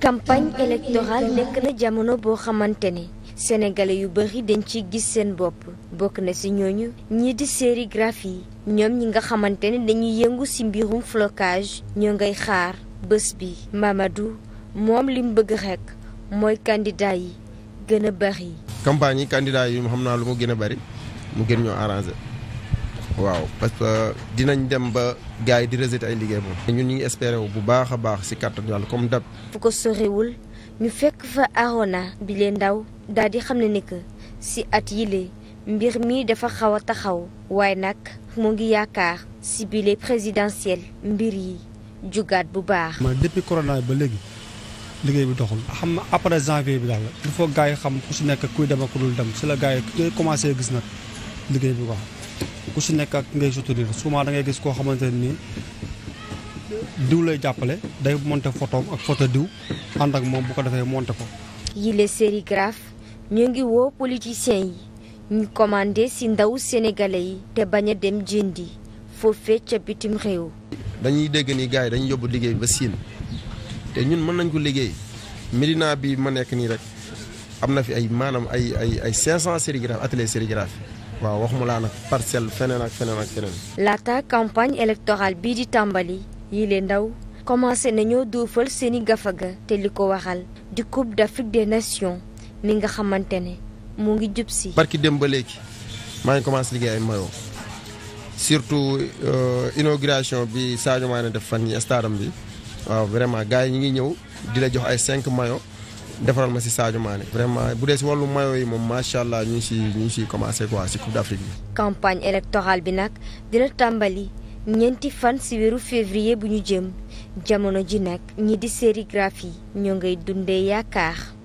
campagne électorale nekk na jamono boo xamante ni sénégalais yu bëri dañ ci gis seen bopp bokk na ci ñooñu ñii di sérigraphie ñoom ñi nga xamante ne dañuy yëngu ci mbirum flocage ñoo ngay xaar bés bi Mamadou moom li mu bëgg rekk mooy candidat yi gën a bari. campagne yi candidat yi xam naa lu mu gën a bari mu gën ñoo arrangé. waaw parce que dinañ dem ba gars yi di rejeté ay liggéey moom. ñun ñu ngi espéré wu bu baax a baax si kàttan yàlla comme dab. bu ko soriwul ñu fekk fa Arona bi leen ndaw daal di xam ne ni que si at yile mbir mi dafa xaw a taxaw waaye nag moo ngi yaakaar si bile présidentiel mbir yi jugaat bu baax. ma depuis corona ba léegi liggéey bi doxul. xam na après janvier bi daal yi xam ku nekk kuy dem ak ku dem si la gars yi commencé gis nag liggéey bi baax. ku si nekk ak ngay soutenir souvent da ngay gis koo xamante ne nii diw lay jàppale day monter photoom ak photo diw ànd ak moom bu ko defee monter ko. yile sérigraphe ñu ngi woo politiciens yi ñu commandé si ndaw sénégalais yi te bañ a dem jëndi foofee ca bitim réew. dañuy dégg ni gars yi dañuy yóbbu liggéey ba siin te ñun mën nañ ko liggéey Médina bi ma nekk nii rek am na fi ay maanaam ay ay ay 500 sérigraphe atelier sérigraphe. waaw waxuma laa nag parcelle feneen ak feneen ak feneen. laata campagne électorale bii di tàmbali yi leen ndaw commencé nañoo duufal seeni gafaga te li ko waxal di coupe d'Afrique des nations mi nga xamante ne mu ngi jub si. barki dem ba léegi maa ngi commencé liggéey ay mayo surtout euh, inauguration bi Sadio ne def fan yi stade bi waaw vraiment gars yi ñu ngi ñëw di la jox ay cinq mayo defaral ma si Sadio Mané vraiment bu dee si wàllu maillot yi moom macha allah ñu ngi si ñu ngi siy commencé quoi si Coupe d'Afrique bi. campagne électorale bi nag dina tàmbali ñeenti fan si weeru février bu ñu jëm jamono ji nag ñi di sérigraphie ñoo ngay dundee yaakaar.